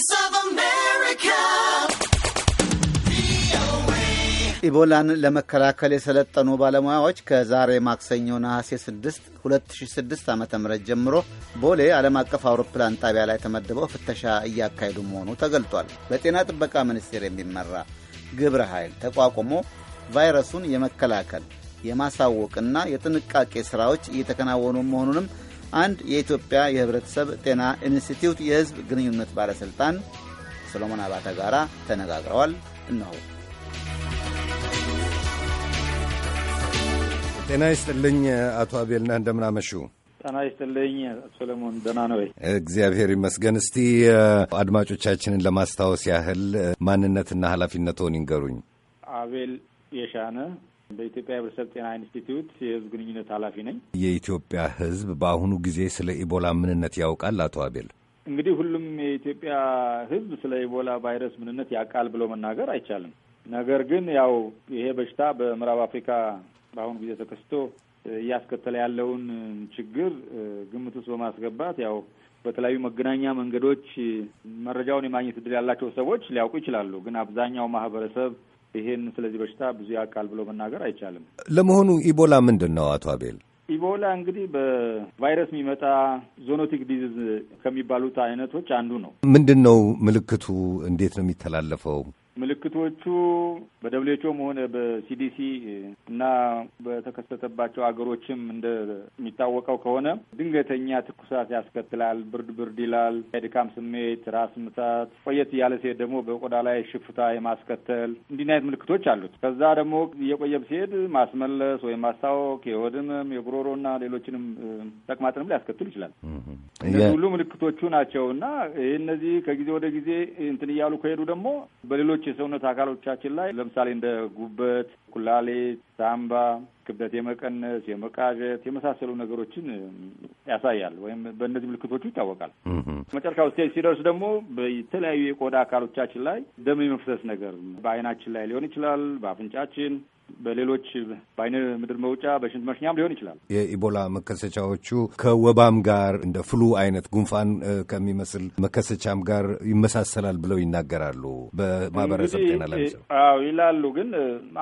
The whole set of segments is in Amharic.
Voice of America. ኢቦላን ለመከላከል የሰለጠኑ ባለሙያዎች ከዛሬ ማክሰኞ ነሐሴ 6 2006 ዓ ም ጀምሮ ቦሌ ዓለም አቀፍ አውሮፕላን ጣቢያ ላይ ተመድበው ፍተሻ እያካሄዱ መሆኑ ተገልጧል። በጤና ጥበቃ ሚኒስቴር የሚመራ ግብረ ኃይል ተቋቁሞ ቫይረሱን የመከላከል የማሳወቅና የጥንቃቄ ሥራዎች እየተከናወኑ መሆኑንም አንድ የኢትዮጵያ የህብረተሰብ ጤና ኢንስቲትዩት የህዝብ ግንኙነት ባለሥልጣን ሰሎሞን አባተ ጋር ተነጋግረዋል። እነሆ። ጤና ይስጥልኝ አቶ አቤልና፣ እንደምናመሹ። ጤና ይስጥልኝ ሰለሞን፣ ደህና ነው እግዚአብሔር ይመስገን። እስቲ አድማጮቻችንን ለማስታወስ ያህል ማንነትና ኃላፊነትዎን ይንገሩኝ። አቤል የሻነ በኢትዮጵያ ሕብረተሰብ ጤና ኢንስቲትዩት የህዝብ ግንኙነት ኃላፊ ነኝ። የኢትዮጵያ ህዝብ በአሁኑ ጊዜ ስለ ኢቦላ ምንነት ያውቃል? አቶ አቤል እንግዲህ ሁሉም የኢትዮጵያ ህዝብ ስለ ኢቦላ ቫይረስ ምንነት ያውቃል ብሎ መናገር አይቻልም። ነገር ግን ያው ይሄ በሽታ በምዕራብ አፍሪካ በአሁኑ ጊዜ ተከስቶ እያስከተለ ያለውን ችግር ግምት ውስጥ በማስገባት ያው በተለያዩ መገናኛ መንገዶች መረጃውን የማግኘት እድል ያላቸው ሰዎች ሊያውቁ ይችላሉ። ግን አብዛኛው ማህበረሰብ ይሄን ስለዚህ በሽታ ብዙ ያውቃል ብሎ መናገር አይቻልም። ለመሆኑ ኢቦላ ምንድን ነው አቶ አቤል? ኢቦላ እንግዲህ በቫይረስ የሚመጣ ዞኖቲክ ዲዚዝ ከሚባሉት አይነቶች አንዱ ነው። ምንድን ነው ምልክቱ? እንዴት ነው የሚተላለፈው? ምልክቶቹ በደብሌቾም ሆነ በሲዲሲ እና በተከሰተባቸው አገሮችም እንደሚታወቀው ከሆነ ድንገተኛ ትኩሳት ያስከትላል። ብርድ ብርድ ይላል፣ የድካም ስሜት፣ ራስ ምታት፣ ቆየት እያለ ሲሄድ ደግሞ በቆዳ ላይ ሽፍታ የማስከተል እንዲህ አይነት ምልክቶች አሉት። ከዛ ደግሞ እየቆየም ሲሄድ ማስመለስ ወይም ማስታወክ፣ የሆድ ህመም፣ የጉሮሮ እና ሌሎችንም ተቅማጥንም ሊያስከትል ይችላል። እነዚህ ሁሉ ምልክቶቹ ናቸው እና ይህ እነዚህ ከጊዜ ወደ ጊዜ እንትን እያሉ ከሄዱ ደግሞ በሌሎች የሰውነት አካሎቻችን ላይ ለምሳሌ እንደ ጉበት፣ ኩላሊት፣ ሳምባ፣ ክብደት የመቀነስ የመቃዠት የመሳሰሉ ነገሮችን ያሳያል ወይም በእነዚህ ምልክቶቹ ይታወቃል። መጨረሻው ስቴጅ ሲደርስ ደግሞ በተለያዩ የቆዳ አካሎቻችን ላይ ደም የመፍሰስ ነገር በአይናችን ላይ ሊሆን ይችላል፣ በአፍንጫችን በሌሎች በአይነ ምድር መውጫ በሽንት መሽኛም ሊሆን ይችላል። የኢቦላ መከሰቻዎቹ ከወባም ጋር እንደ ፍሉ አይነት ጉንፋን ከሚመስል መከሰቻም ጋር ይመሳሰላል ብለው ይናገራሉ። በማህበረሰብ ጤና ላይ ይላሉ። ግን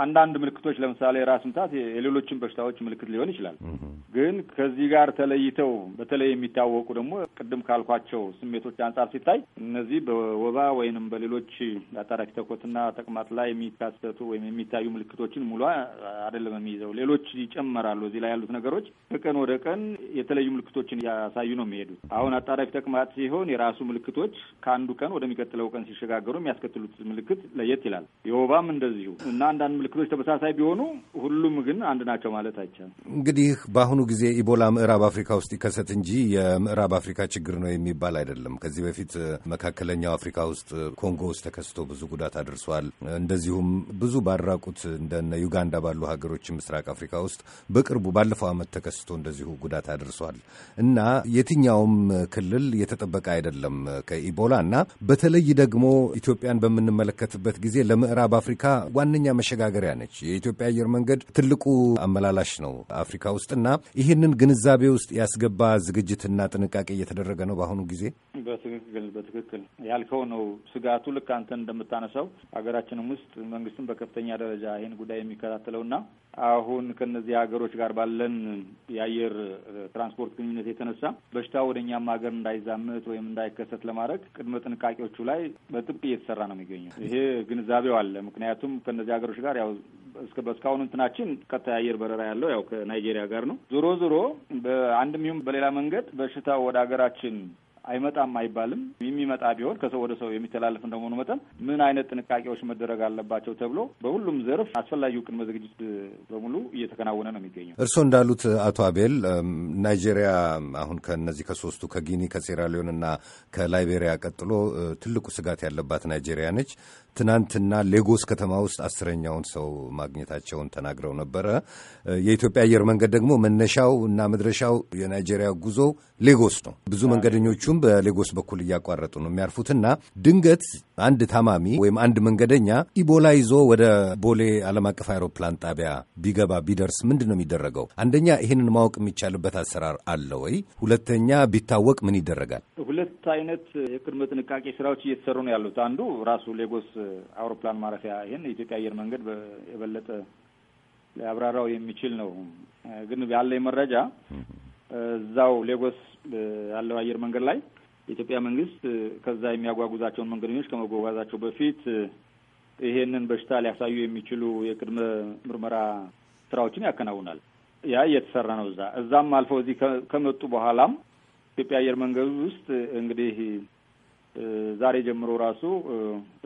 አንዳንድ ምልክቶች ለምሳሌ ራስ ምታት የሌሎችን በሽታዎች ምልክት ሊሆን ይችላል። ግን ከዚህ ጋር ተለይተው በተለይ የሚታወቁ ደግሞ ቅድም ካልኳቸው ስሜቶች አንጻር ሲታይ እነዚህ በወባ ወይንም በሌሎች አጣዳፊ ተኮትና ተቅማጥ ላይ የሚካሰቱ ወይም የሚታዩ ምልክቶችን በሙሉ አይደለም የሚይዘው፣ ሌሎች ይጨመራሉ። እዚህ ላይ ያሉት ነገሮች ከቀን ወደ ቀን የተለዩ ምልክቶችን እያሳዩ ነው የሚሄዱት። አሁን አጣዳፊ ተቅማጥ ሲሆን የራሱ ምልክቶች ከአንዱ ቀን ወደሚቀጥለው ቀን ሲሸጋገሩ የሚያስከትሉት ምልክት ለየት ይላል። የወባም እንደዚሁ እና አንዳንድ ምልክቶች ተመሳሳይ ቢሆኑ ሁሉም ግን አንድ ናቸው ማለት አይቻልም። እንግዲህ በአሁኑ ጊዜ ኢቦላ ምዕራብ አፍሪካ ውስጥ ይከሰት እንጂ የምዕራብ አፍሪካ ችግር ነው የሚባል አይደለም። ከዚህ በፊት መካከለኛው አፍሪካ ውስጥ ኮንጎ ውስጥ ተከስቶ ብዙ ጉዳት አድርሷል። እንደዚሁም ብዙ ባራቁት እንደነ ዩጋንዳ ባሉ ሀገሮች ምስራቅ አፍሪካ ውስጥ በቅርቡ ባለፈው ዓመት ተከስቶ እንደዚሁ ጉዳት አድርሷል እና የትኛውም ክልል የተጠበቀ አይደለም ከኢቦላ እና በተለይ ደግሞ ኢትዮጵያን በምንመለከትበት ጊዜ ለምዕራብ አፍሪካ ዋነኛ መሸጋገሪያ ነች። የኢትዮጵያ አየር መንገድ ትልቁ አመላላሽ ነው አፍሪካ ውስጥ እና ይህንን ግንዛቤ ውስጥ ያስገባ ዝግጅትና ጥንቃቄ እየተደረገ ነው በአሁኑ ጊዜ። በትክክል በትክክል ያልከው ነው። ስጋቱ ልክ አንተን እንደምታነሳው ሀገራችንም ውስጥ መንግስትም በከፍተኛ ደረጃ ይህን ጉዳይ የሚ የሚከታተለውና አሁን ከነዚህ ሀገሮች ጋር ባለን የአየር ትራንስፖርት ግንኙነት የተነሳ በሽታው ወደ እኛም ሀገር እንዳይዛመት ወይም እንዳይከሰት ለማድረግ ቅድመ ጥንቃቄዎቹ ላይ በጥብቅ እየተሰራ ነው የሚገኘው። ይሄ ግንዛቤው አለ። ምክንያቱም ከነዚህ ሀገሮች ጋር ያው እስከ እንትናችን ቀጥታ የአየር በረራ ያለው ያው ከናይጄሪያ ጋር ነው። ዞሮ ዞሮ በአንድም ይሁን በሌላ መንገድ በሽታው ወደ ሀገራችን አይመጣም አይባልም። የሚመጣ ቢሆን ከሰው ወደ ሰው የሚተላለፍ እንደመሆኑ መጠን ምን አይነት ጥንቃቄዎች መደረግ አለባቸው ተብሎ በሁሉም ዘርፍ አስፈላጊው ቅድመ ዝግጅት በሙሉ እየተከናወነ ነው የሚገኘው። እርስዎ እንዳሉት አቶ አቤል ናይጄሪያ አሁን ከነዚህ ከሶስቱ ከጊኒ ከሴራሊዮን እና ከላይቤሪያ ቀጥሎ ትልቁ ስጋት ያለባት ናይጄሪያ ነች። ትናንትና ሌጎስ ከተማ ውስጥ አስረኛውን ሰው ማግኘታቸውን ተናግረው ነበረ። የኢትዮጵያ አየር መንገድ ደግሞ መነሻው እና መድረሻው የናይጄሪያ ጉዞ ሌጎስ ነው። ብዙ መንገደኞቹም ምክንያቱም በሌጎስ በኩል እያቋረጡ ነው የሚያርፉትና ድንገት አንድ ታማሚ ወይም አንድ መንገደኛ ኢቦላ ይዞ ወደ ቦሌ ዓለም አቀፍ አውሮፕላን ጣቢያ ቢገባ ቢደርስ ምንድን ነው የሚደረገው? አንደኛ ይህንን ማወቅ የሚቻልበት አሰራር አለ ወይ? ሁለተኛ ቢታወቅ ምን ይደረጋል? ሁለት አይነት የቅድመ ጥንቃቄ ስራዎች እየተሰሩ ነው ያሉት። አንዱ ራሱ ሌጎስ አውሮፕላን ማረፊያ ይህን የኢትዮጵያ አየር መንገድ የበለጠ ሊያብራራው የሚችል ነው። ግን ያለኝ መረጃ እዛው ሌጎስ ያለው አየር መንገድ ላይ የኢትዮጵያ መንግስት ከዛ የሚያጓጉዛቸውን መንገደኞች ከመጓጓዛቸው በፊት ይሄንን በሽታ ሊያሳዩ የሚችሉ የቅድመ ምርመራ ስራዎችን ያከናውናል። ያ እየተሰራ ነው። እዛ እዛም አልፈው እዚህ ከመጡ በኋላም ኢትዮጵያ አየር መንገድ ውስጥ እንግዲህ ዛሬ ጀምሮ ራሱ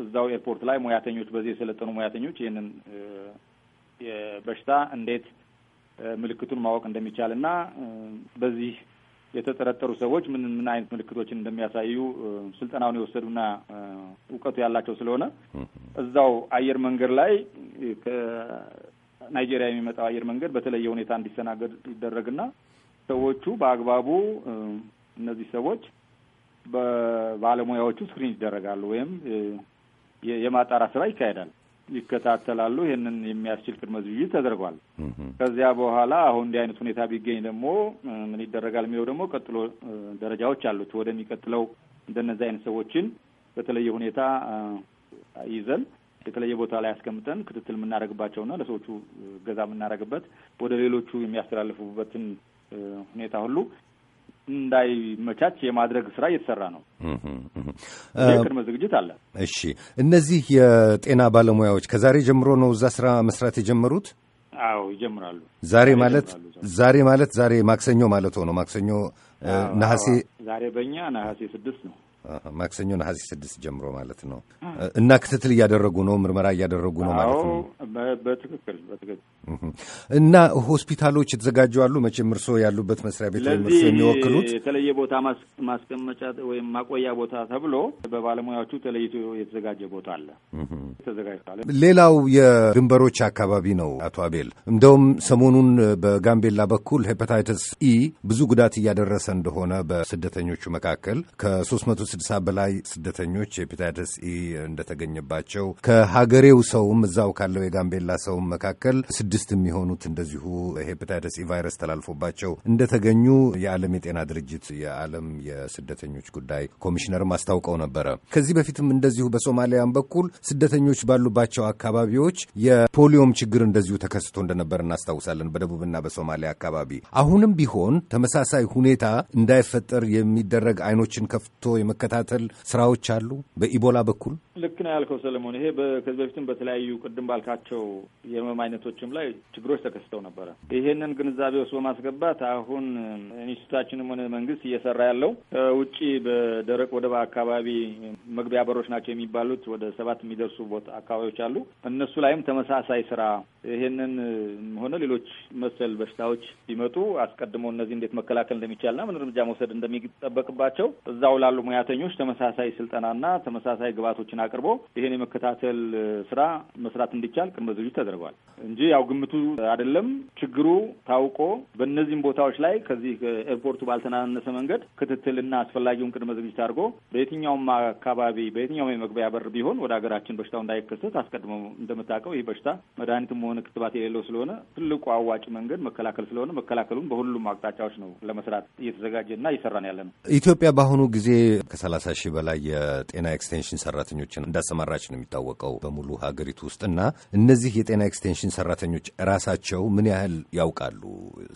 እዛው ኤርፖርት ላይ ሙያተኞች በዚህ የሰለጠኑ ሙያተኞች ይህንን በሽታ እንዴት ምልክቱን ማወቅ እንደሚቻል እና በዚህ የተጠረጠሩ ሰዎች ምን ምን አይነት ምልክቶችን እንደሚያሳዩ ስልጠናውን የወሰዱና እውቀቱ ያላቸው ስለሆነ እዛው አየር መንገድ ላይ ከናይጄሪያ የሚመጣው አየር መንገድ በተለየ ሁኔታ እንዲሰናገድ ይደረግና ሰዎቹ በአግባቡ እነዚህ ሰዎች በባለሙያዎቹ ስክሪን ይደረጋሉ ወይም የማጣራ ስራ ይካሄዳል። ይከታተላሉ። ይህንን የሚያስችል ቅድመ ዝግጅት ተደርጓል። ከዚያ በኋላ አሁን እንዲህ አይነት ሁኔታ ቢገኝ ደግሞ ምን ይደረጋል የሚለው ደግሞ ቀጥሎ ደረጃዎች አሉት። ወደሚቀጥለው እንደነዚህ አይነት ሰዎችን በተለየ ሁኔታ ይዘን የተለየ ቦታ ላይ ያስቀምጠን ክትትል የምናደርግባቸውና ለሰዎቹ እገዛ የምናደርግበት ወደ ሌሎቹ የሚያስተላልፉበትን ሁኔታ ሁሉ እንዳይመቻች የማድረግ ስራ እየተሰራ ነው። የቅድመ ዝግጅት አለ። እሺ፣ እነዚህ የጤና ባለሙያዎች ከዛሬ ጀምሮ ነው እዛ ስራ መስራት የጀመሩት? አዎ ይጀምራሉ። ዛሬ ማለት ዛሬ ማለት ዛሬ ማክሰኞ ማለት ሆኖ ማክሰኞ ነሐሴ ዛሬ በእኛ ነሐሴ ስድስት ነው። ማክሰኞ ነሐሴ ስድስት ጀምሮ ማለት ነው እና ክትትል እያደረጉ ነው፣ ምርመራ እያደረጉ ነው ማለት ነው። በትክክል በትክክል እና ሆስፒታሎች የተዘጋጁ አሉ። መቼም እርስዎ ያሉበት መስሪያ ቤት ወይም እርስዎ የሚወክሉት የተለየ ቦታ ማስቀመጫ ወይም ማቆያ ቦታ ተብሎ በባለሙያዎቹ ተለይቶ የተዘጋጀ ቦታ አለ፣ ተዘጋጅቷል። ሌላው የድንበሮች አካባቢ ነው። አቶ አቤል እንደውም ሰሞኑን በጋምቤላ በኩል ሄፓታይተስ ኢ ብዙ ጉዳት እያደረሰ እንደሆነ በስደተኞቹ መካከል ከሶስት መቶ ስድሳ በላይ ስደተኞች ሄፒታይተስ ኢ እንደተገኘባቸው ከሀገሬው ሰውም እዛው ካለው የጋምቤላ ሰውም መካከል ስድስት የሚሆኑት እንደዚሁ ሄፒታይተስ ኢ ቫይረስ ተላልፎባቸው እንደተገኙ የዓለም የጤና ድርጅት የዓለም የስደተኞች ጉዳይ ኮሚሽነርም አስታውቀው ነበረ። ከዚህ በፊትም እንደዚሁ በሶማሊያም በኩል ስደተኞች ባሉባቸው አካባቢዎች የፖሊዮም ችግር እንደዚሁ ተከስቶ እንደነበር እናስታውሳለን። በደቡብና በሶማሊያ አካባቢ አሁንም ቢሆን ተመሳሳይ ሁኔታ እንዳይፈጠር የሚደረግ አይኖችን ከፍቶ የመከታተል ስራዎች አሉ በኢቦላ በኩል። ልክ ነው ያልከው ሰለሞን። ይሄ ከዚህ በፊትም በተለያዩ ቅድም ባልካቸው የህመም አይነቶችም ላይ ችግሮች ተከስተው ነበረ። ይሄንን ግንዛቤ ውስጥ በማስገባት አሁን ኢንስቲቱታችንም ሆነ መንግስት እየሰራ ያለው ውጭ በደረቅ ወደብ አካባቢ መግቢያ በሮች ናቸው የሚባሉት ወደ ሰባት የሚደርሱ ቦታ አካባቢዎች አሉ። እነሱ ላይም ተመሳሳይ ስራ ይሄንን ሆነ ሌሎች መሰል በሽታዎች ቢመጡ አስቀድሞ እነዚህ እንዴት መከላከል እንደሚቻልና ምን እርምጃ መውሰድ እንደሚጠበቅባቸው እዛው ላሉ ሙያ ሰራተኞች ተመሳሳይ ስልጠናና ተመሳሳይ ግብዓቶችን አቅርቦ ይሄን የመከታተል ስራ መስራት እንዲቻል ቅድመ ዝግጅት ተደርጓል እንጂ ያው ግምቱ አይደለም። ችግሩ ታውቆ በእነዚህም ቦታዎች ላይ ከዚህ ኤርፖርቱ ባልተናነሰ መንገድ ክትትልና አስፈላጊውን ቅድመ ዝግጅት አድርጎ በየትኛውም አካባቢ በየትኛውም የመግቢያ በር ቢሆን ወደ ሀገራችን በሽታው እንዳይከሰት አስቀድሞ እንደምታውቀው ይህ በሽታ መድኃኒትም ሆነ ክትባት የሌለው ስለሆነ ትልቁ አዋጭ መንገድ መከላከል ስለሆነ መከላከሉን በሁሉም አቅጣጫዎች ነው ለመስራት እየተዘጋጀና እየሰራን ያለ ነው። ኢትዮጵያ በአሁኑ ጊዜ ከሰላሳ ሺህ በላይ የጤና ኤክስቴንሽን ሰራተኞችን እንዳሰማራች ነው የሚታወቀው በሙሉ ሀገሪቱ ውስጥ እና እነዚህ የጤና ኤክስቴንሽን ሰራተኞች ራሳቸው ምን ያህል ያውቃሉ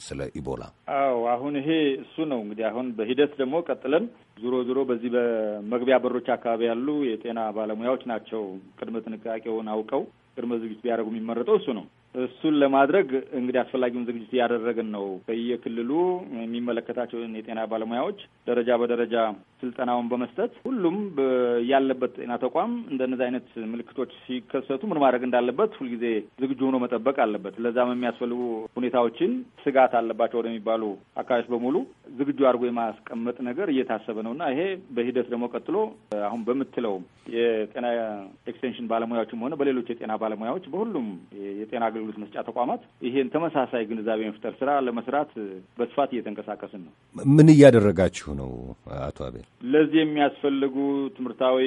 ስለ ኢቦላ? አዎ አሁን ይሄ እሱ ነው እንግዲህ አሁን በሂደት ደግሞ ቀጥለን ዞሮ ዞሮ በዚህ በመግቢያ በሮች አካባቢ ያሉ የጤና ባለሙያዎች ናቸው ቅድመ ጥንቃቄውን አውቀው ቅድመ ዝግጅት ቢያደርጉ የሚመረጠው እሱ ነው። እሱን ለማድረግ እንግዲህ አስፈላጊውን ዝግጅት እያደረግን ነው። በየክልሉ የሚመለከታቸውን የጤና ባለሙያዎች ደረጃ በደረጃ ስልጠናውን በመስጠት ሁሉም ያለበት ጤና ተቋም እንደነዚህ አይነት ምልክቶች ሲከሰቱ ምን ማድረግ እንዳለበት ሁልጊዜ ዝግጁ ሆኖ መጠበቅ አለበት። ለዛም የሚያስፈልጉ ሁኔታዎችን ስጋት አለባቸው ወደሚባሉ አካባቢዎች በሙሉ ዝግጁ አድርጎ የማስቀመጥ ነገር እየታሰበ ነው እና ይሄ በሂደት ደግሞ ቀጥሎ አሁን በምትለው የጤና ኤክስቴንሽን ባለሙያዎችም ሆነ በሌሎች የጤና ባለሙያዎች በሁሉም የጤና አገልግሎት መስጫ ተቋማት ይሄን ተመሳሳይ ግንዛቤ መፍጠር ስራ ለመስራት በስፋት እየተንቀሳቀስን ነው። ምን እያደረጋችሁ ነው አቶ አቤል? ለዚህ የሚያስፈልጉ ትምህርታዊ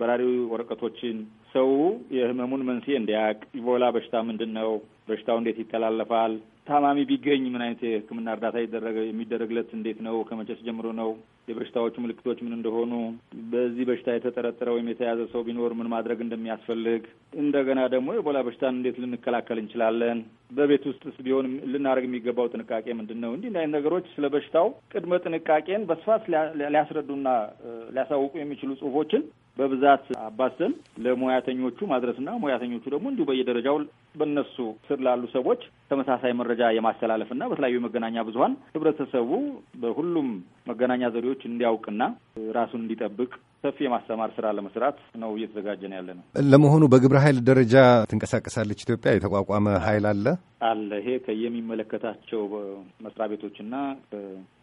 በራሪ ወረቀቶችን ሰው የህመሙን መንስኤ እንዲያውቅ ኢቦላ በሽታ ምንድን ነው፣ በሽታው እንዴት ይተላለፋል፣ ታማሚ ቢገኝ ምን አይነት የህክምና እርዳታ ይደረገ የሚደረግለት እንዴት ነው፣ ከመቼስ ጀምሮ ነው፣ የበሽታዎቹ ምልክቶች ምን እንደሆኑ፣ በዚህ በሽታ የተጠረጠረ ወይም የተያዘ ሰው ቢኖር ምን ማድረግ እንደሚያስፈልግ፣ እንደገና ደግሞ ኢቦላ በሽታን እንዴት ልንከላከል እንችላለን፣ በቤት ውስጥስ ቢሆን ልናደርግ የሚገባው ጥንቃቄ ምንድን ነው፣ እንዲህ አይነት ነገሮች ስለ በሽታው ቅድመ ጥንቃቄን በስፋት ሊያስረዱና ሊያሳውቁ የሚችሉ ጽሁፎችን በብዛት አባስን ለሙያተኞቹ ማድረስና ሙያተኞቹ ደግሞ እንዲሁ በየደረጃው በነሱ ስር ላሉ ሰዎች ተመሳሳይ መረጃ የማስተላለፍና በተለያዩ መገናኛ ብዙኃን ህብረተሰቡ በሁሉም መገናኛ ዘዴዎች እንዲያውቅና ራሱን እንዲጠብቅ ሰፊ የማስተማር ስራ ለመስራት ነው እየተዘጋጀን ያለ ነው። ለመሆኑ በግብረ ኃይል ደረጃ ትንቀሳቀሳለች ኢትዮጵያ? የተቋቋመ ኃይል አለ አለ ይሄ ከየሚመለከታቸው መስሪያ ቤቶችና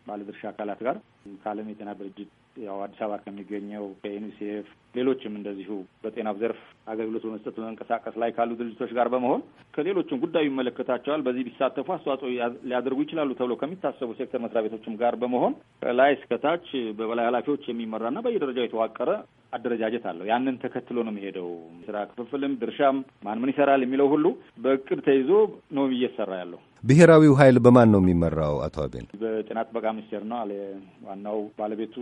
ባለድርሻ አካላት ጋር ከዓለም የጤና ድርጅት ያው አዲስ አበባ ከሚገኘው ከዩኒሴፍ ሌሎችም እንደዚሁ በጤና ዘርፍ አገልግሎት በመስጠት በመንቀሳቀስ ላይ ካሉ ድርጅቶች ጋር በመሆን ከሌሎችም ጉዳዩ ይመለከታቸዋል፣ በዚህ ቢሳተፉ አስተዋጽኦ ሊያደርጉ ይችላሉ ተብሎ ከሚታሰቡ ሴክተር መስሪያ ቤቶችም ጋር በመሆን ከላይ እስከታች በበላይ ኃላፊዎች የሚመራና በየደረጃው የተዋቀረ አደረጃጀት አለው። ያንን ተከትሎ ነው የሚሄደው። ስራ ክፍፍልም ድርሻም ማን ምን ይሰራል የሚለው ሁሉ በእቅድ ተይዞ ነው እየሰራ ያለው። ብሔራዊው ኃይል በማን ነው የሚመራው? አቶ አቤል በጤና ጥበቃ ሚኒስቴር ነው ዋናው ባለቤቱ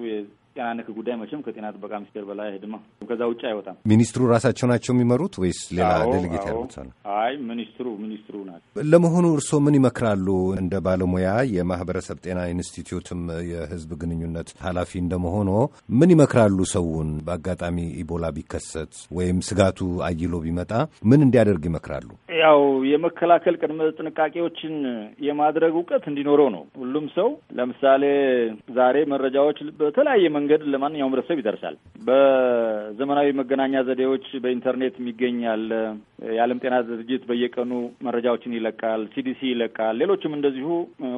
ጤና ነክ ጉዳይ መቼም ከጤና ጥበቃ ሚኒስቴር በላይ አይሄድማ። ከዛ ውጭ አይወጣም። ሚኒስትሩ ራሳቸው ናቸው የሚመሩት ወይስ ሌላ ዴሌጌት ያሉት? አይ ሚኒስትሩ ሚኒስትሩ ናቸው። ለመሆኑ እርስዎ ምን ይመክራሉ? እንደ ባለሙያ የማህበረሰብ ጤና ኢንስቲትዩትም የህዝብ ግንኙነት ኃላፊ እንደመሆኖ ምን ይመክራሉ? ሰውን በአጋጣሚ ኢቦላ ቢከሰት ወይም ስጋቱ አይሎ ቢመጣ ምን እንዲያደርግ ይመክራሉ? ያው የመከላከል ቅድመ ጥንቃቄዎችን የማድረግ እውቀት እንዲኖረው ነው ሁሉም ሰው። ለምሳሌ ዛሬ መረጃዎች በተለያየ መንገድ መንገድ ለማንኛውም ህብረተሰብ ይደርሳል። በዘመናዊ መገናኛ ዘዴዎች በኢንተርኔት የሚገኝ አለ። የዓለም ጤና ድርጅት በየቀኑ መረጃዎችን ይለቃል። ሲዲሲ ይለቃል። ሌሎችም እንደዚሁ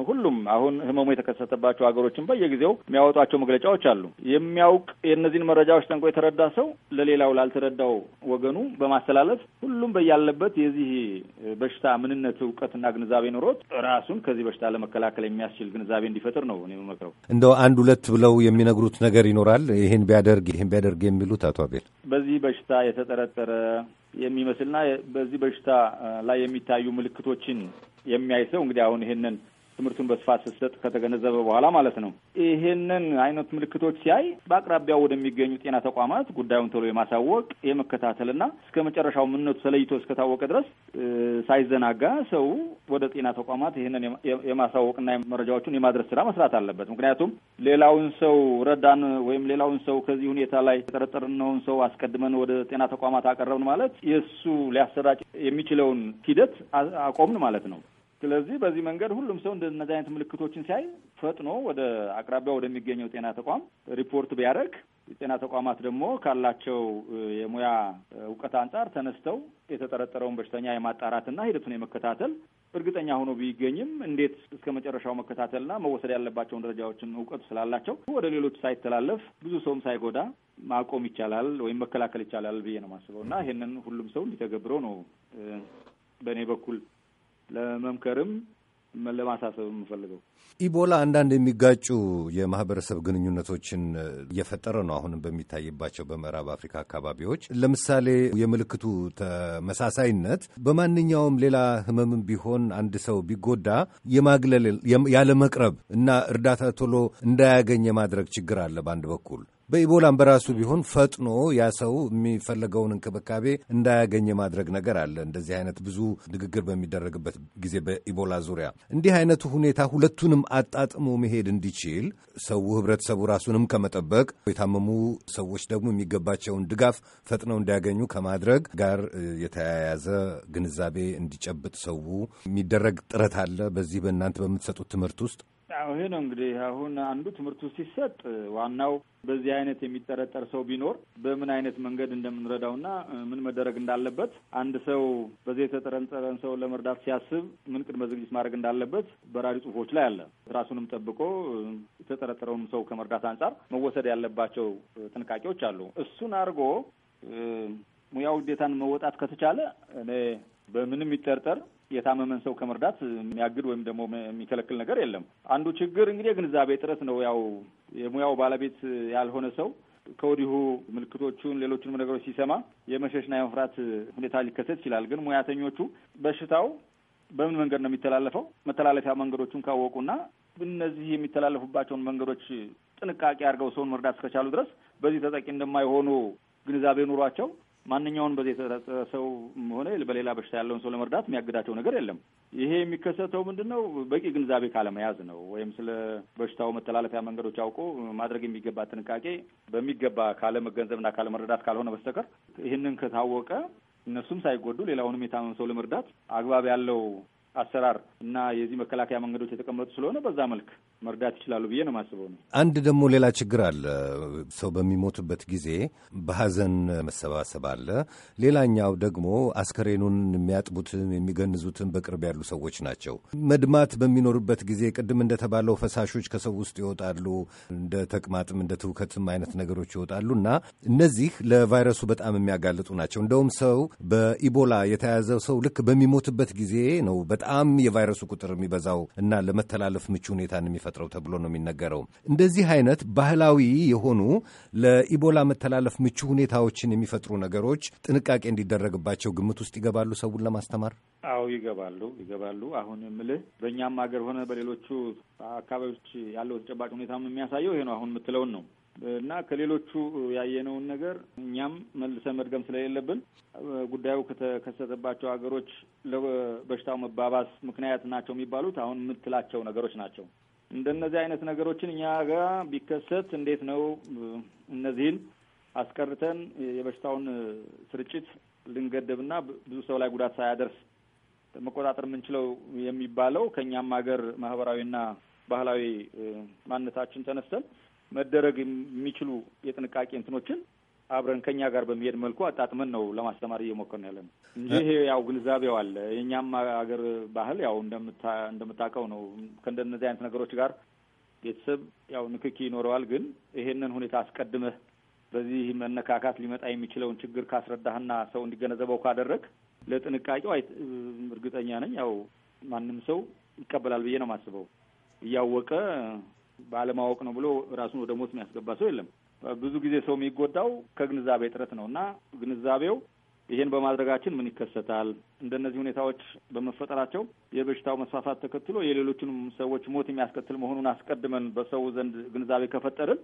ሁሉም አሁን ህመሙ የተከሰተባቸው ሀገሮችን በየጊዜው የሚያወጧቸው መግለጫዎች አሉ። የሚያውቅ የእነዚህን መረጃዎች ጠንቆ የተረዳ ሰው ለሌላው ላልተረዳው ወገኑ በማስተላለፍ ሁሉም በያለበት የዚህ በሽታ ምንነት እውቀትና ግንዛቤ ኖሮት ራሱን ከዚህ በሽታ ለመከላከል የሚያስችል ግንዛቤ እንዲፈጥር ነው እኔ የምመክረው። እንደው አንድ ሁለት ብለው የሚነግሩት ነገር ነገር ይኖራል። ይህን ቢያደርግ ይህን ቢያደርግ የሚሉት አቶ አቤል በዚህ በሽታ የተጠረጠረ የሚመስልና በዚህ በሽታ ላይ የሚታዩ ምልክቶችን የሚያይ ሰው እንግዲህ አሁን ይህንን ትምህርቱን በስፋት ስትሰጥ ከተገነዘበ በኋላ ማለት ነው። ይሄንን አይነት ምልክቶች ሲያይ በአቅራቢያው ወደሚገኙ ጤና ተቋማት ጉዳዩን ቶሎ የማሳወቅ የመከታተልና እስከ መጨረሻው ምነቱ ተለይቶ እስከታወቀ ድረስ ሳይዘናጋ ሰው ወደ ጤና ተቋማት ይህንን የማሳወቅና መረጃዎቹን የማድረስ ስራ መስራት አለበት። ምክንያቱም ሌላውን ሰው ረዳን ወይም ሌላውን ሰው ከዚህ ሁኔታ ላይ የጠረጠርነውን ሰው አስቀድመን ወደ ጤና ተቋማት አቀረብን ማለት የእሱ ሊያሰራጭ የሚችለውን ሂደት አቆምን ማለት ነው። ስለዚህ በዚህ መንገድ ሁሉም ሰው እንደነዚህ አይነት ምልክቶችን ሲያይ ፈጥኖ ወደ አቅራቢያ ወደሚገኘው ጤና ተቋም ሪፖርት ቢያደርግ የጤና ተቋማት ደግሞ ካላቸው የሙያ እውቀት አንጻር ተነስተው የተጠረጠረውን በሽተኛ የማጣራትና ሂደቱን የመከታተል እርግጠኛ ሆኖ ቢገኝም እንዴት እስከ መጨረሻው መከታተልና መወሰድ ያለባቸውን ደረጃዎችን እውቀቱ ስላላቸው ወደ ሌሎች ሳይተላለፍ ብዙ ሰውም ሳይጎዳ ማቆም ይቻላል ወይም መከላከል ይቻላል ብዬ ነው የማስበው እና ይህንን ሁሉም ሰው እንዲተገብረው ነው በእኔ በኩል ለመምከርም ለማሳሰብ የምፈልገው ኢቦላ አንዳንድ የሚጋጩ የማህበረሰብ ግንኙነቶችን እየፈጠረ ነው። አሁንም በሚታይባቸው በምዕራብ አፍሪካ አካባቢዎች ለምሳሌ የምልክቱ ተመሳሳይነት በማንኛውም ሌላ ህመምም ቢሆን አንድ ሰው ቢጎዳ የማግለል ያለመቅረብ እና እርዳታ ቶሎ እንዳያገኝ የማድረግ ችግር አለ በአንድ በኩል በኢቦላም በራሱ ቢሆን ፈጥኖ ያ ሰው የሚፈለገውን እንክብካቤ እንዳያገኝ የማድረግ ነገር አለ። እንደዚህ አይነት ብዙ ንግግር በሚደረግበት ጊዜ በኢቦላ ዙሪያ እንዲህ አይነቱ ሁኔታ ሁለቱንም አጣጥሞ መሄድ እንዲችል ሰው ህብረተሰቡ ራሱንም ከመጠበቅ የታመሙ ሰዎች ደግሞ የሚገባቸውን ድጋፍ ፈጥነው እንዲያገኙ ከማድረግ ጋር የተያያዘ ግንዛቤ እንዲጨብጥ ሰው የሚደረግ ጥረት አለ። በዚህ በእናንተ በምትሰጡት ትምህርት ውስጥ ይሄ ነው እንግዲህ አሁን አንዱ ትምህርቱ ሲሰጥ ዋናው በዚህ አይነት የሚጠረጠር ሰው ቢኖር በምን አይነት መንገድ እንደምንረዳውና ምን መደረግ እንዳለበት አንድ ሰው በዚህ የተጠረጠረን ሰው ለመርዳት ሲያስብ ምን ቅድመ ዝግጅት ማድረግ እንዳለበት በራሪ ጽሁፎች ላይ አለ። ራሱንም ጠብቆ የተጠረጠረውን ሰው ከመርዳት አንጻር መወሰድ ያለባቸው ጥንቃቄዎች አሉ። እሱን አድርጎ ሙያው ግዴታን መወጣት ከተቻለ እኔ በምንም ይጠርጠር የታመመን ሰው ከመርዳት የሚያግድ ወይም ደግሞ የሚከለክል ነገር የለም። አንዱ ችግር እንግዲህ የግንዛቤ ጥረት ነው። ያው የሙያው ባለቤት ያልሆነ ሰው ከወዲሁ ምልክቶቹን፣ ሌሎችንም ነገሮች ሲሰማ የመሸሽና የመፍራት ሁኔታ ሊከሰት ይችላል። ግን ሙያተኞቹ በሽታው በምን መንገድ ነው የሚተላለፈው መተላለፊያ መንገዶቹን ካወቁና እነዚህ የሚተላለፉባቸውን መንገዶች ጥንቃቄ አድርገው ሰውን መርዳት እስከቻሉ ድረስ በዚህ ተጠቂ እንደማይሆኑ ግንዛቤ ኑሯቸው ማንኛውን በዚህ የተጠረጠ ሰው ሆነ በሌላ በሽታ ያለውን ሰው ለመርዳት የሚያግዳቸው ነገር የለም። ይሄ የሚከሰተው ምንድን ነው? በቂ ግንዛቤ ካለመያዝ ነው። ወይም ስለ በሽታው መተላለፊያ መንገዶች አውቆ ማድረግ የሚገባ ጥንቃቄ በሚገባ ካለመገንዘብና ካለመረዳት ካልሆነ በስተቀር ይህንን ከታወቀ እነሱም ሳይጎዱ ሌላውንም የታመመ ሰው ለመርዳት አግባብ ያለው አሰራር እና የዚህ መከላከያ መንገዶች የተቀመጡ ስለሆነ በዛ መልክ መርዳት ይችላሉ ብዬ ነው የማስበው። ነው አንድ ደግሞ ሌላ ችግር አለ። ሰው በሚሞትበት ጊዜ በሀዘን መሰባሰብ አለ። ሌላኛው ደግሞ አስከሬኑን የሚያጥቡትን የሚገንዙትን በቅርብ ያሉ ሰዎች ናቸው። መድማት በሚኖርበት ጊዜ ቅድም እንደተባለው ፈሳሾች ከሰው ውስጥ ይወጣሉ። እንደ ተቅማጥም እንደ ትውከትም አይነት ነገሮች ይወጣሉ እና እነዚህ ለቫይረሱ በጣም የሚያጋልጡ ናቸው። እንደውም ሰው በኢቦላ የተያዘ ሰው ልክ በሚሞትበት ጊዜ ነው በጣም የቫይረሱ ቁጥር የሚበዛው እና ለመተላለፍ ምቹ ሁኔታን የሚፈጥረው ተብሎ ነው የሚነገረው። እንደዚህ አይነት ባህላዊ የሆኑ ለኢቦላ መተላለፍ ምቹ ሁኔታዎችን የሚፈጥሩ ነገሮች ጥንቃቄ እንዲደረግባቸው ግምት ውስጥ ይገባሉ። ሰውን ለማስተማር አዎ፣ ይገባሉ ይገባሉ። አሁን ምልህ በእኛም ሀገር ሆነ በሌሎቹ አካባቢዎች ያለው ተጨባጭ ሁኔታም የሚያሳየው ይሄ ነው። አሁን የምትለውን ነው እና ከሌሎቹ ያየነውን ነገር እኛም መልሰን መድገም ስለሌለብን ጉዳዩ ከተከሰተባቸው ሀገሮች ለበሽታው መባባስ ምክንያት ናቸው የሚባሉት አሁን የምትላቸው ነገሮች ናቸው። እንደነዚህ አይነት ነገሮችን እኛ ጋ ቢከሰት እንዴት ነው እነዚህን አስቀርተን የበሽታውን ስርጭት ልንገደብና ብዙ ሰው ላይ ጉዳት ሳያደርስ መቆጣጠር የምንችለው የሚባለው ከእኛም ሀገር ማህበራዊና ባህላዊ ማንነታችን ተነስተን መደረግ የሚችሉ የጥንቃቄ እንትኖችን አብረን ከኛ ጋር በሚሄድ መልኩ አጣጥመን ነው ለማስተማር እየሞከር ነው ያለ ነው እንጂ ይሄ ያው ግንዛቤው አለ። የእኛም ሀገር ባህል ያው እንደምታውቀው ነው። ከእንደነዚህ አይነት ነገሮች ጋር ቤተሰብ ያው ንክኪ ይኖረዋል። ግን ይሄንን ሁኔታ አስቀድመህ በዚህ መነካካት ሊመጣ የሚችለውን ችግር ካስረዳህና ሰው እንዲገነዘበው ካደረግ ለጥንቃቄው እርግጠኛ ነኝ ያው ማንም ሰው ይቀበላል ብዬ ነው የማስበው እያወቀ ባለማወቅ ነው ብሎ ራሱን ወደ ሞት የሚያስገባ ሰው የለም። ብዙ ጊዜ ሰው የሚጎዳው ከግንዛቤ እጥረት ነው እና ግንዛቤው ይሄን በማድረጋችን ምን ይከሰታል፣ እንደነዚህ ሁኔታዎች በመፈጠራቸው የበሽታው መስፋፋት ተከትሎ የሌሎችንም ሰዎች ሞት የሚያስከትል መሆኑን አስቀድመን በሰው ዘንድ ግንዛቤ ከፈጠርን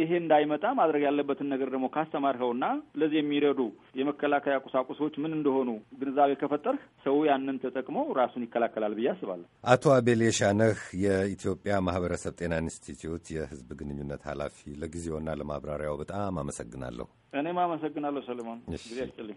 ይሄ እንዳይመጣ ማድረግ ያለበትን ነገር ደግሞ ካስተማርኸውና ለዚህ የሚረዱ የመከላከያ ቁሳቁሶች ምን እንደሆኑ ግንዛቤ ከፈጠርህ ሰው ያንን ተጠቅሞ ራሱን ይከላከላል ብዬ አስባለሁ። አቶ አቤል የሻነህ የኢትዮጵያ ማህበረሰብ ጤና ኢንስቲትዩት የህዝብ ግንኙነት ኃላፊ፣ ለጊዜውና ለማብራሪያው በጣም አመሰግናለሁ። እኔም አመሰግናለሁ ሰለሞን ጊዜ